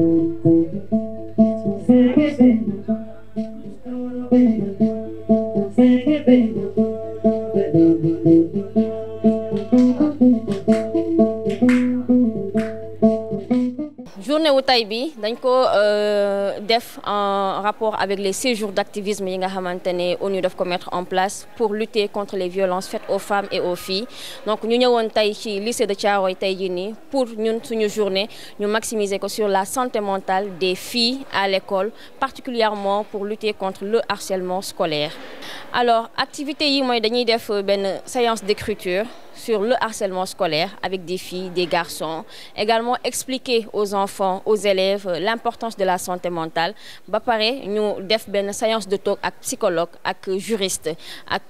Thank you. journée au euh, en rapport avec les séjours d'activisme yi nga xamantene mettre en place pour lutter contre les violences faites aux femmes et aux filles donc ñu fait tay ci lycée de Thiaroye tay pour ñun suñu journée ñu maximiser sur la santé mentale des filles à l'école particulièrement pour lutter contre le harcèlement scolaire alors activité yi moy dañuy def ben séance d'écriture sur le harcèlement scolaire avec des filles, des garçons. Également expliquer aux enfants, aux élèves euh, l'importance de la santé mentale. Ba avons ñu def séance de talk avec psychologue psychologues, juriste juristes,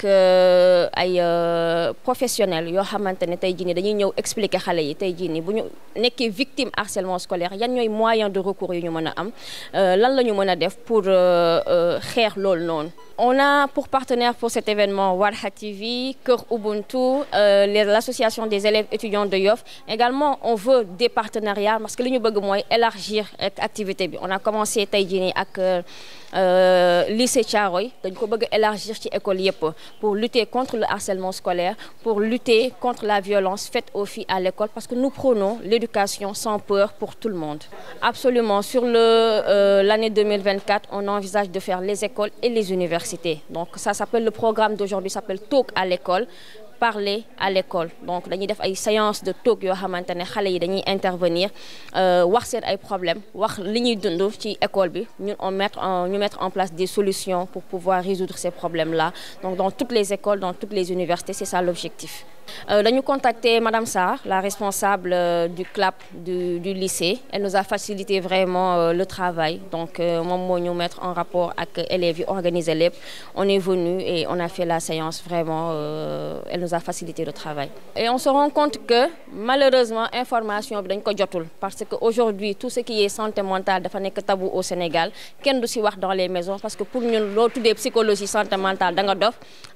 euh, ay euh, professionnels Yo xamantene expliqué ce qu'ils dañuy ñëw expliquer xalé yi tey victime harcèlement scolaire yan ñoy moyen de recours yu ñu mëna a am lan lañu mëna def pour lool On a pour partenaire pour cet événement Warha TV, Cœur Ubuntu, les l'association des élèves étudiants de Yoff. Également, on veut des partenariats parce que nous voulons bëgg cette élargir activité on a commencé à euh, lycée Tcharoy nous élargir ci école pour lutter contre le harcèlement scolaire pour lutter contre la violence faite aux filles à l'école parce que nous prenons l'éducation sans peur pour tout le monde. Absolument, sur euh, l'année 2024, on envisage de faire les écoles et les universités. Donc ça s'appelle le programme d'aujourd'hui s'appelle Talk à l'école parler à l'école donc dañuy def une séance de talk yoo les enfants yi dañuy intervenir il euh, problèmes wax li ñuy dund ci école bi mettre en place des solutions pour pouvoir résoudre ces problèmes là donc dans toutes les écoles dans toutes les universités c'est ça l'objectif nous euh, contacté Madame Sarr, la responsable euh, du CLAP du, lycée. Elle nous a facilité vraiment euh, le travail. Donc, moi, nous mettre en rapport avec élèves, organiser l'ep On est venu et on a fait la séance vraiment. elle nous a facilité le travail. Et on se rend compte que malheureusement, information est parce qu'aujourd'hui, tout ce qui est santé mentale n'est que tabou au Sénégal. Ken doit voir dans les maisons parce que pour nous, l'autre des psychologies santé mentale,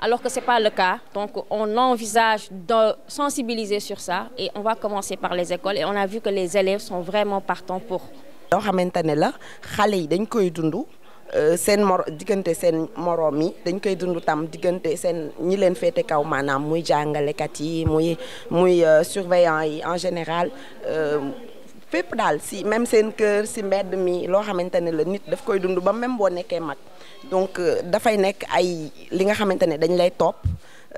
alors que ce n'est pas le cas. Donc, on envisage de sensibiliser sur ça et on va commencer par les écoles et on a vu que les élèves sont vraiment partants pour. loo xamante la xale yi dañ koy dund euh, seen mor diggante seen morom yi dañ koy dund tam diggante seen ñi leen féete kaw manam muy jàngalekat yi muy muy euh, surveillant yi en général. Euh, fépp d'al si même seen cœur si mbedd mi lo xamante la nit daf koy dund ba même bo nekkee mag donc fay nek ay li nga xamante dañ lay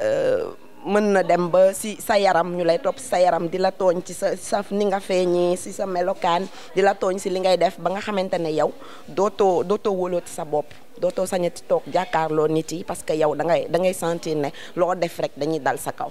euh mën dem ba si sa yaram ñu lay topp sa yaram di la tooñ ci sa sa ni nga feeñee si sa melokaan di la tooñ si li ngay def ba nga xamante ne yow dootoo dootoo wóolooti sa bopp dootoo sañati toog jàkkaarloo nit yi parce que yow da ngay da ngay sentir ne loo def rek dañuy dal sa kaw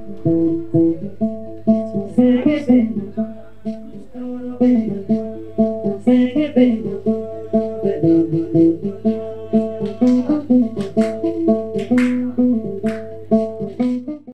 Thank you.